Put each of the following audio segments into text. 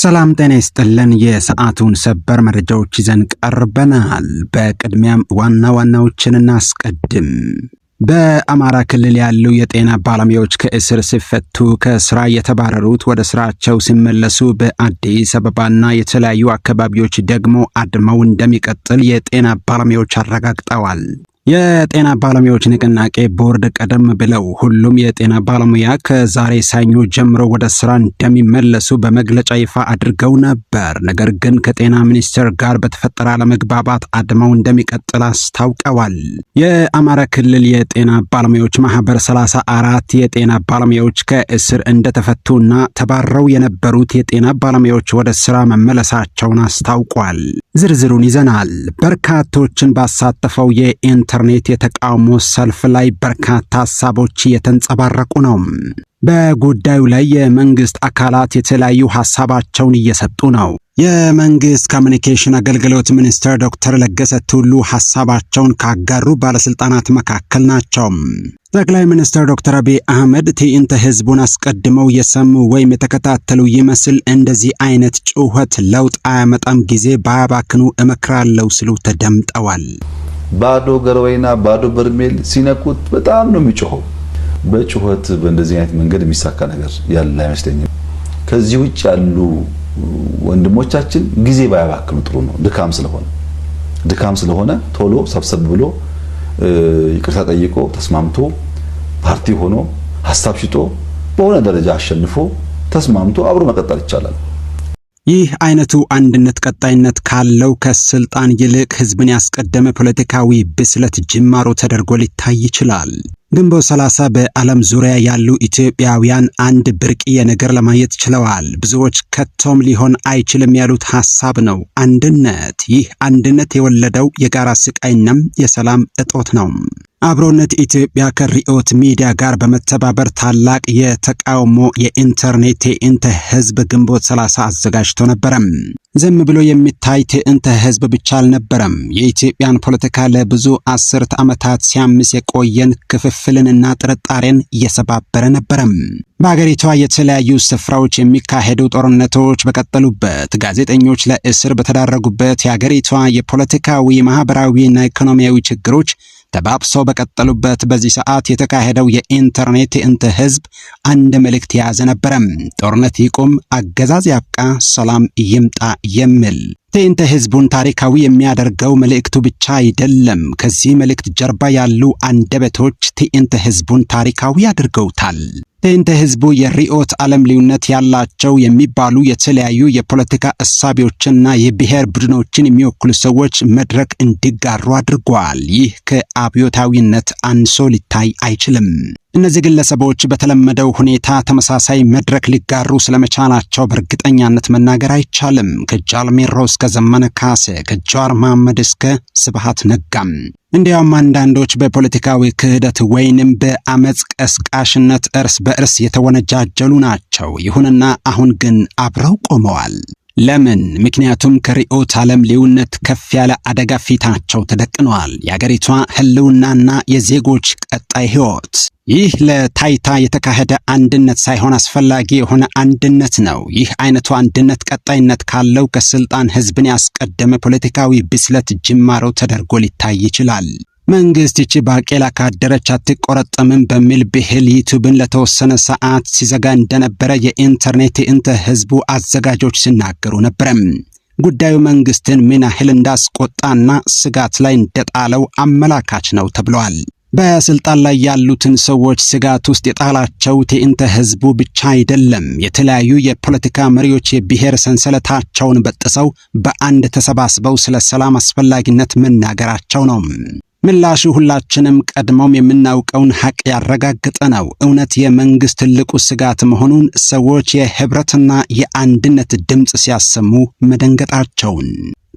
ሰላም ጤና ይስጥልን። የሰዓቱን ሰበር መረጃዎች ይዘን ቀርበናል። በቅድሚያም ዋና ዋናዎችን እናስቀድም። በአማራ ክልል ያሉ የጤና ባለሙያዎች ከእስር ሲፈቱ፣ ከስራ የተባረሩት ወደ ስራቸው ሲመለሱ፣ በአዲስ አበባና የተለያዩ አካባቢዎች ደግሞ አድመው እንደሚቀጥል የጤና ባለሙያዎች አረጋግጠዋል። የጤና ባለሙያዎች ንቅናቄ ቦርድ ቀደም ብለው ሁሉም የጤና ባለሙያ ከዛሬ ሰኞ ጀምሮ ወደ ስራ እንደሚመለሱ በመግለጫ ይፋ አድርገው ነበር። ነገር ግን ከጤና ሚኒስቴር ጋር በተፈጠረ አለመግባባት አድማው እንደሚቀጥል አስታውቀዋል። የአማራ ክልል የጤና ባለሙያዎች ማህበር ሰላሳ አራት የጤና ባለሙያዎች ከእስር እንደተፈቱና ተባረው የነበሩት የጤና ባለሙያዎች ወደ ስራ መመለሳቸውን አስታውቋል። ዝርዝሩን ይዘናል። በርካቶችን ባሳተፈው የኢንት በኢንተርኔት የተቃውሞ ሰልፍ ላይ በርካታ ሀሳቦች እየተንጸባረቁ ነው። በጉዳዩ ላይ የመንግስት አካላት የተለያዩ ሀሳባቸውን እየሰጡ ነው። የመንግስት ኮሚኒኬሽን አገልግሎት ሚኒስትር ዶክተር ለገሰ ቱሉ ሀሳባቸውን ካጋሩ ባለስልጣናት መካከል ናቸው። ጠቅላይ ሚኒስትር ዶክተር አብይ አህመድ ትዕይንተ ህዝቡን አስቀድመው የሰሙ ወይም የተከታተሉ ይመስል እንደዚህ አይነት ጩኸት ለውጥ አያመጣም፣ ጊዜ ባያባክኑ እመክራለሁ ሲሉ ተደምጠዋል። ባዶ ገረወይና ባዶ በርሜል ሲነኩት በጣም ነው የሚጮኸው። በጩኸት በእንደዚህ አይነት መንገድ የሚሳካ ነገር ያለ አይመስለኝም። ከዚህ ውጭ ያሉ ወንድሞቻችን ጊዜ ባያባክኑ ጥሩ ነው። ድካም ስለሆነ ድካም ስለሆነ ቶሎ ሰብሰብ ብሎ ይቅርታ ጠይቆ ተስማምቶ ፓርቲ ሆኖ ሀሳብ ሽጦ በሆነ ደረጃ አሸንፎ ተስማምቶ አብሮ መቀጠል ይቻላል። ይህ አይነቱ አንድነት ቀጣይነት ካለው ከስልጣን ይልቅ ህዝብን ያስቀደመ ፖለቲካዊ ብስለት ጅማሮ ተደርጎ ሊታይ ይችላል። ግንቦት 30 በዓለም ዙሪያ ያሉ ኢትዮጵያውያን አንድ ብርቅዬ ነገር ለማየት ችለዋል። ብዙዎች ከቶም ሊሆን አይችልም ያሉት ሐሳብ ነው አንድነት። ይህ አንድነት የወለደው የጋራ ስቃይናም የሰላም እጦት ነው። አብሮነት ኢትዮጵያ ከሪዮት ሚዲያ ጋር በመተባበር ታላቅ የተቃውሞ የኢንተርኔት ትዕይንተ ህዝብ ግንቦት 30 አዘጋጅቶ ነበረም። ዝም ብሎ የሚታይ ትዕይንተ ህዝብ ብቻ አልነበረም። የኢትዮጵያን ፖለቲካ ለብዙ አስርት ዓመታት ሲያምስ የቆየን ክፍፍልንና ጥርጣሬን እየሰባበረ ነበረም። በአገሪቷ የተለያዩ ስፍራዎች የሚካሄዱ ጦርነቶች በቀጠሉበት፣ ጋዜጠኞች ለእስር በተዳረጉበት፣ የአገሪቷ የፖለቲካዊ ማህበራዊና ኢኮኖሚያዊ ችግሮች ተባብሰው በቀጠሉበት በዚህ ሰዓት የተካሄደው የኢንተርኔት ትዕይንተ ህዝብ አንድ መልእክት የያዘ ነበረም። ጦርነት ይቁም፣ አገዛዝ ያብቃ፣ ሰላም ይምጣ የሚል ትዕይንተ ህዝቡን ታሪካዊ የሚያደርገው መልእክቱ ብቻ አይደለም። ከዚህ መልእክት ጀርባ ያሉ አንደበቶች ትዕይንተ ህዝቡን ታሪካዊ አድርገውታል። ትዕንተ ህዝቡ የርዕዮተ ዓለም ልዩነት ያላቸው የሚባሉ የተለያዩ የፖለቲካ እሳቤዎችና የብሔር ቡድኖችን የሚወክሉ ሰዎች መድረክ እንዲጋሩ አድርጓል። ይህ ከአብዮታዊነት አንሶ ሊታይ አይችልም። እነዚህ ግለሰቦች በተለመደው ሁኔታ ተመሳሳይ መድረክ ሊጋሩ ስለመቻላቸው በእርግጠኛነት መናገር አይቻልም። ከጃልሜሮ እስከ ዘመነ ካሴ፣ ከጃዋር መሐመድ እስከ ስብሃት ነጋም እንዲያውም አንዳንዶች በፖለቲካዊ ክህደት ወይንም በአመፅ ቀስቃሽነት እርስ በእርስ የተወነጃጀሉ ናቸው። ይሁንና አሁን ግን አብረው ቆመዋል። ለምን? ምክንያቱም ከርዕዮተ ዓለም ልዩነት ከፍ ያለ አደጋ ፊታቸው ተደቅነዋል። የአገሪቷ ህልውናና የዜጎች ቀጣይ ሕይወት ይህ ለታይታ የተካሄደ አንድነት ሳይሆን አስፈላጊ የሆነ አንድነት ነው። ይህ አይነቱ አንድነት ቀጣይነት ካለው ከስልጣን ህዝብን ያስቀደመ ፖለቲካዊ ብስለት ጅማሮ ተደርጎ ሊታይ ይችላል። መንግስት ይቺ ባቄላ ካደረች አትቆረጠምም በሚል ብሂል ዩቱብን ለተወሰነ ሰዓት ሲዘጋ እንደነበረ የኢንተርኔት ትዕይንተ ህዝቡ አዘጋጆች ሲናገሩ ነበረም። ጉዳዩ መንግስትን ምን ያህል እንዳስቆጣና ስጋት ላይ እንደጣለው አመላካች ነው ተብለዋል። በስልጣን ላይ ያሉትን ሰዎች ስጋት ውስጥ የጣላቸው ትዕይንተ ህዝቡ ብቻ አይደለም። የተለያዩ የፖለቲካ መሪዎች የብሔር ሰንሰለታቸውን በጥሰው በአንድ ተሰባስበው ስለ ሰላም አስፈላጊነት መናገራቸው ነው። ምላሹ ሁላችንም ቀድሞም የምናውቀውን ሀቅ ያረጋገጠ ነው። እውነት የመንግስት ትልቁ ስጋት መሆኑን ሰዎች የህብረትና የአንድነት ድምፅ ሲያሰሙ መደንገጣቸውን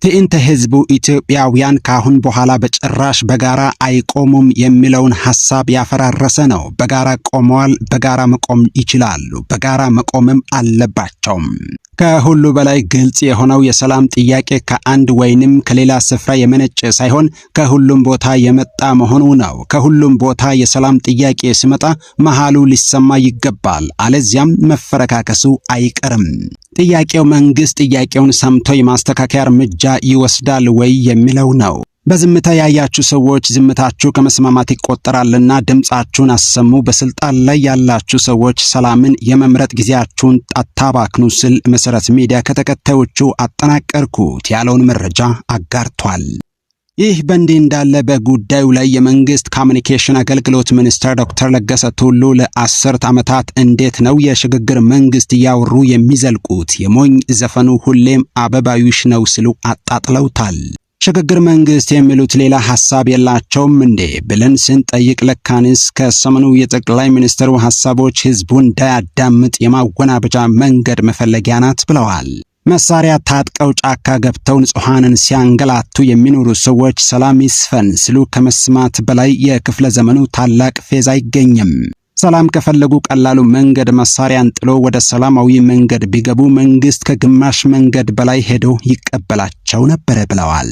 ትዕንተ ህዝቡ ኢትዮጵያውያን ከአሁን በኋላ በጭራሽ በጋራ አይቆሙም የሚለውን ሐሳብ ያፈራረሰ ነው። በጋራ ቆመዋል፣ በጋራ መቆም ይችላሉ፣ በጋራ መቆምም አለባቸውም። ከሁሉ በላይ ግልጽ የሆነው የሰላም ጥያቄ ከአንድ ወይንም ከሌላ ስፍራ የመነጨ ሳይሆን ከሁሉም ቦታ የመጣ መሆኑ ነው። ከሁሉም ቦታ የሰላም ጥያቄ ሲመጣ መሃሉ ሊሰማ ይገባል፣ አለዚያም መፈረካከሱ አይቀርም። ጥያቄው መንግስት ጥያቄውን ሰምቶ የማስተካከያ እርምጃ ይወስዳል ወይ የሚለው ነው። በዝምታ ያያችሁ ሰዎች ዝምታችሁ ከመስማማት ይቆጠራልና ድምፃችሁን አሰሙ። በስልጣን ላይ ያላችሁ ሰዎች ሰላምን የመምረጥ ጊዜያችሁን አታባክኑ ስል መሰረት ሚዲያ ከተከታዮቹ አጠናቀርኩት ያለውን መረጃ አጋርቷል። ይህ በእንዲህ እንዳለ በጉዳዩ ላይ የመንግስት ኮሚኒኬሽን አገልግሎት ሚኒስትር ዶክተር ለገሰ ቱሉ ለአስርት ዓመታት እንዴት ነው የሽግግር መንግስት እያወሩ የሚዘልቁት? የሞኝ ዘፈኑ ሁሌም አበባዩሽ ነው ሲሉ አጣጥለውታል። ሽግግር መንግስት የሚሉት ሌላ ሐሳብ የላቸውም እንዴ ብለን ስንጠይቅ ለካንስ ከሰሞኑ የጠቅላይ ሚኒስትሩ ሐሳቦች ህዝቡን እንዳያዳምጥ የማወናበጃ መንገድ መፈለጊያ ናት ብለዋል። መሳሪያ ታጥቀው ጫካ ገብተው ንጹሐንን ሲያንገላቱ የሚኖሩ ሰዎች ሰላም ይስፈን ሲሉ ከመስማት በላይ የክፍለ ዘመኑ ታላቅ ፌዝ አይገኝም። ሰላም ከፈለጉ ቀላሉ መንገድ መሳሪያን ጥሎ ወደ ሰላማዊ መንገድ ቢገቡ መንግስት ከግማሽ መንገድ በላይ ሄዶ ይቀበላቸው ነበር ብለዋል።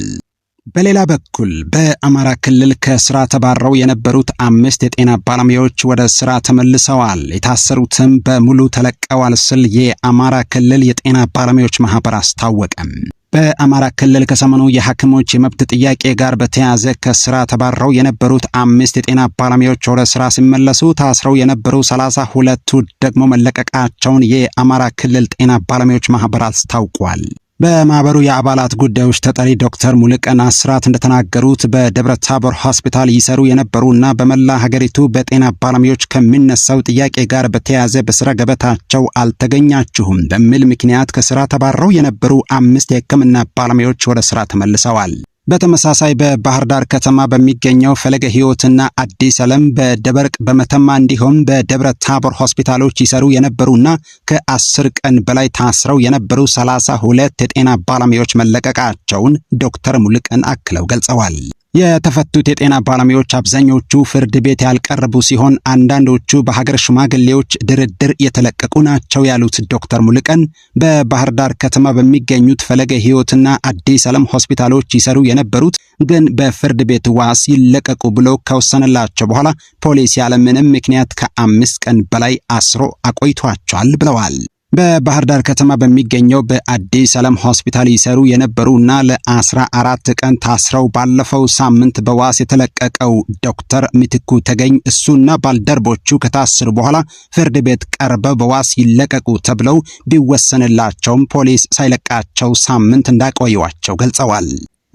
በሌላ በኩል በአማራ ክልል ከስራ ተባረው የነበሩት አምስት የጤና ባለሙያዎች ወደ ስራ ተመልሰዋል። የታሰሩትም በሙሉ ተለቀዋል ስል የአማራ ክልል የጤና ባለሙያዎች ማህበር አስታወቀም። በአማራ ክልል ከሰሞኑ የሐኪሞች የመብት ጥያቄ ጋር በተያያዘ ከስራ ተባረው የነበሩት አምስት የጤና ባለሙያዎች ወደ ስራ ሲመለሱ ታስረው የነበሩ ሰላሳ ሁለቱ ደግሞ መለቀቃቸውን የአማራ ክልል ጤና ባለሙያዎች ማህበር አስታውቋል። በማህበሩ የአባላት ጉዳዮች ተጠሪ ዶክተር ሙልቀን አስራት እንደተናገሩት በደብረ ታቦር ሆስፒታል ይሰሩ የነበሩና በመላ ሀገሪቱ በጤና ባለሙያዎች ከሚነሳው ጥያቄ ጋር በተያያዘ በስራ ገበታቸው አልተገኛችሁም በሚል ምክንያት ከስራ ተባረው የነበሩ አምስት የሕክምና ባለሙያዎች ወደ ስራ ተመልሰዋል። በተመሳሳይ በባህር ዳር ከተማ በሚገኘው ፈለገ ህይወትና አዲስ ዓለም በደበርቅ በመተማ እንዲሁም በደብረ ታቦር ሆስፒታሎች ይሰሩ የነበሩና ከአስር ቀን በላይ ታስረው የነበሩ ሰላሳ ሁለት የጤና ባለሙያዎች መለቀቃቸውን ዶክተር ሙልቀን አክለው ገልጸዋል። የተፈቱት የጤና ባለሙያዎች አብዛኞቹ ፍርድ ቤት ያልቀረቡ ሲሆን አንዳንዶቹ በሀገር ሽማግሌዎች ድርድር የተለቀቁ ናቸው ያሉት ዶክተር ሙልቀን በባህር ዳር ከተማ በሚገኙት ፈለገ ሕይወትና አዲስ ዓለም ሆስፒታሎች ይሰሩ የነበሩት ግን በፍርድ ቤት ዋስ ይለቀቁ ብሎ ከወሰነላቸው በኋላ ፖሊስ ያለምንም ምክንያት ከአምስት ቀን በላይ አስሮ አቆይቷቸዋል ብለዋል። በባህር ዳር ከተማ በሚገኘው በአዲስ ዓለም ሆስፒታል ይሰሩ የነበሩ እና ለአስራ አራት ቀን ታስረው ባለፈው ሳምንት በዋስ የተለቀቀው ዶክተር ምትኩ ተገኝ እሱና ባልደረቦቹ ከታሰሩ በኋላ ፍርድ ቤት ቀርበው በዋስ ይለቀቁ ተብለው ቢወሰንላቸውም ፖሊስ ሳይለቃቸው ሳምንት እንዳቆየዋቸው ገልጸዋል።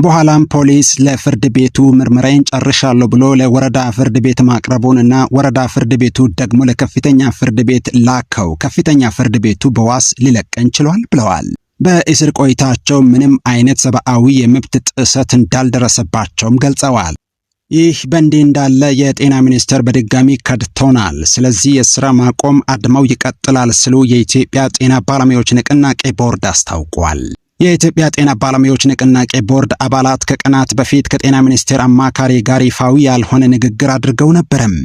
በኋላም ፖሊስ ለፍርድ ቤቱ ምርመራዬን ጨርሻለሁ ብሎ ለወረዳ ፍርድ ቤት ማቅረቡን እና ወረዳ ፍርድ ቤቱ ደግሞ ለከፍተኛ ፍርድ ቤት ላከው። ከፍተኛ ፍርድ ቤቱ በዋስ ሊለቀን ችሏል ብለዋል። በእስር ቆይታቸው ምንም አይነት ሰብአዊ የመብት ጥሰት እንዳልደረሰባቸውም ገልጸዋል። ይህ በእንዲህ እንዳለ የጤና ሚኒስቴር በድጋሚ ከድቶናል፣ ስለዚህ የስራ ማቆም አድማው ይቀጥላል ሲሉ የኢትዮጵያ ጤና ባለሙያዎች ንቅናቄ ቦርድ አስታውቋል። የኢትዮጵያ ጤና ባለሙያዎች ንቅናቄ ቦርድ አባላት ከቀናት በፊት ከጤና ሚኒስቴር አማካሪ ጋር ይፋዊ ያልሆነ ንግግር አድርገው ነበረም።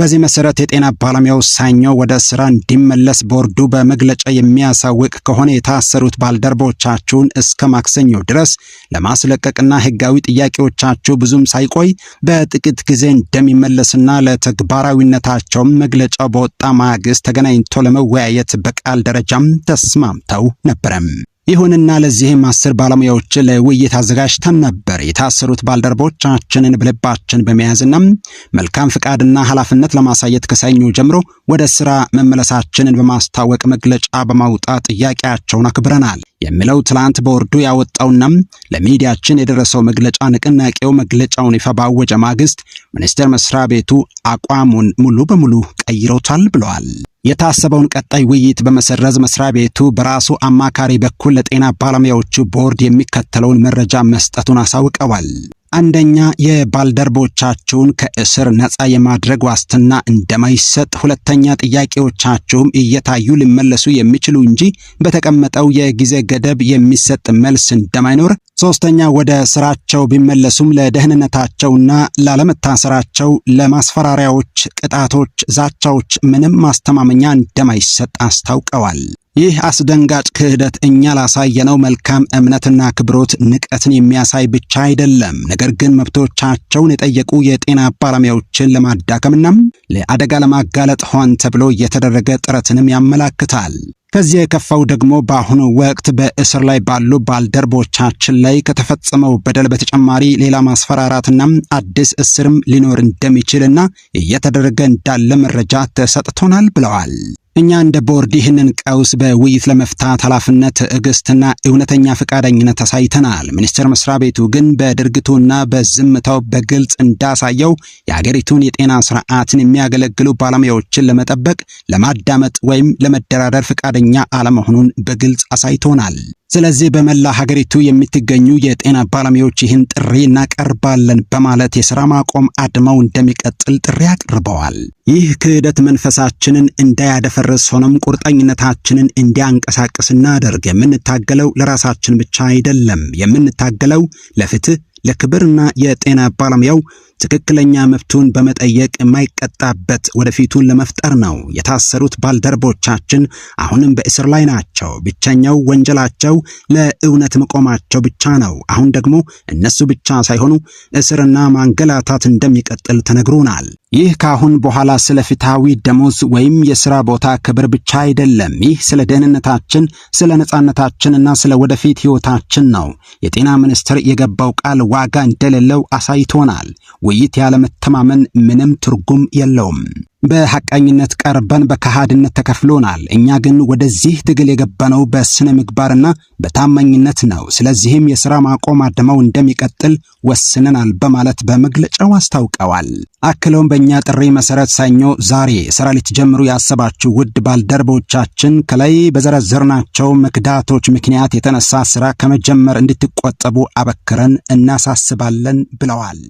በዚህ መሰረት የጤና ባለሙያው ሰኞ ወደ ስራ እንዲመለስ ቦርዱ በመግለጫ የሚያሳውቅ ከሆነ የታሰሩት ባልደረቦቻችሁን እስከ ማክሰኞ ድረስ ለማስለቀቅና ሕጋዊ ጥያቄዎቻችሁ ብዙም ሳይቆይ በጥቂት ጊዜ እንደሚመለስና ለተግባራዊነታቸውም መግለጫ በወጣ ማግስት ተገናኝቶ ለመወያየት በቃል ደረጃም ተስማምተው ነበረም። ይሁንና ለዚህም አስር ባለሙያዎች ለውይይት አዘጋጅተን ነበር። የታሰሩት ባልደረቦቻችንን በልባችን በመያዝና መልካም ፍቃድና ኃላፊነት ለማሳየት ከሰኞ ጀምሮ ወደ ስራ መመለሳችንን በማስታወቅ መግለጫ በማውጣት ጥያቄያቸውን አክብረናል የሚለው ትላንት በወርዱ ያወጣውና ለሚዲያችን የደረሰው መግለጫ ንቅናቄው መግለጫውን ይፋ ባወጀ ማግስት ሚኒስቴር መስሪያ ቤቱ አቋሙን ሙሉ በሙሉ ቀይሮታል ብለዋል። የታሰበውን ቀጣይ ውይይት በመሰረዝ መስሪያ ቤቱ በራሱ አማካሪ በኩል ለጤና ባለሙያዎቹ ቦርድ የሚከተለውን መረጃ መስጠቱን አሳውቀዋል። አንደኛ የባልደርቦቻችሁን ከእስር ነጻ የማድረግ ዋስትና እንደማይሰጥ፣ ሁለተኛ ጥያቄዎቻችሁም እየታዩ ሊመለሱ የሚችሉ እንጂ በተቀመጠው የጊዜ ገደብ የሚሰጥ መልስ እንደማይኖር፣ ሶስተኛ ወደ ስራቸው ቢመለሱም ለደህንነታቸውና ላለመታሰራቸው ለማስፈራሪያዎች፣ ቅጣቶች፣ ዛቻዎች ምንም ማስተማመኛ እንደማይሰጥ አስታውቀዋል። ይህ አስደንጋጭ ክህደት እኛ ላሳየነው መልካም እምነትና ክብሮት ንቀትን የሚያሳይ ብቻ አይደለም፣ ነገር ግን መብቶቻቸውን የጠየቁ የጤና ባለሙያዎችን ለማዳከምና ለአደጋ ለማጋለጥ ሆን ተብሎ የተደረገ ጥረትንም ያመላክታል። ከዚህ የከፋው ደግሞ በአሁኑ ወቅት በእስር ላይ ባሉ ባልደረቦቻችን ላይ ከተፈጸመው በደል በተጨማሪ ሌላ ማስፈራራትና አዲስ እስርም ሊኖር እንደሚችልና እየተደረገ እንዳለ መረጃ ተሰጥቶናል ብለዋል። እኛ እንደ ቦርድ ይህንን ቀውስ በውይይት ለመፍታት ኃላፊነት፣ ትዕግስትና እውነተኛ ፈቃደኝነት አሳይተናል። ሚኒስቴር መስሪያ ቤቱ ግን በድርግቱና በዝምታው በግልጽ እንዳሳየው የአገሪቱን የጤና ስርዓትን የሚያገለግሉ ባለሙያዎችን ለመጠበቅ፣ ለማዳመጥ ወይም ለመደራደር ፈቃደኛ አለመሆኑን በግልጽ አሳይቶናል። ስለዚህ በመላ ሀገሪቱ የምትገኙ የጤና ባለሙያዎች ይህን ጥሪ እናቀርባለን በማለት የሥራ ማቆም አድማው እንደሚቀጥል ጥሪ አቅርበዋል። ይህ ክህደት መንፈሳችንን እንዳያደፈርስ ሆኖም ቁርጠኝነታችንን እንዲያንቀሳቅስ እናደርግ። የምንታገለው ለራሳችን ብቻ አይደለም። የምንታገለው ለፍትህ ለክብርና የጤና ባለሙያው ትክክለኛ መብቱን በመጠየቅ የማይቀጣበት ወደፊቱን ለመፍጠር ነው። የታሰሩት ባልደረቦቻችን አሁንም በእስር ላይ ናቸው። ብቸኛው ወንጀላቸው ለእውነት መቆማቸው ብቻ ነው። አሁን ደግሞ እነሱ ብቻ ሳይሆኑ እስርና ማንገላታት እንደሚቀጥል ተነግሮናል። ይህ ከአሁን በኋላ ስለ ፍትሐዊ ደሞዝ ወይም የሥራ ቦታ ክብር ብቻ አይደለም። ይህ ስለ ደህንነታችን፣ ስለ ነጻነታችንና ስለ ወደፊት ሕይወታችን ነው። የጤና ሚኒስትር የገባው ቃል ዋጋ እንደሌለው አሳይቶናል። ውይይት ያለመተማመን ምንም ትርጉም የለውም። በሐቀኝነት ቀርበን በከሃድነት ተከፍሎናል። እኛ ግን ወደዚህ ትግል የገባነው በስነ ምግባርና በታማኝነት ነው። ስለዚህም የሥራ ማቆም አድማው እንደሚቀጥል ወስነናል በማለት በመግለጫው አስታውቀዋል። አክለውም በእኛ ጥሪ መሠረት ሰኞ ዛሬ ሥራ ልትጀምሩ ያሰባችሁ ውድ ባልደረቦቻችን ከላይ በዘረዘርናቸው መክዳቶች ምክንያት የተነሳ ሥራ ከመጀመር እንድትቆጠቡ አበክረን እናሳስባለን ብለዋል።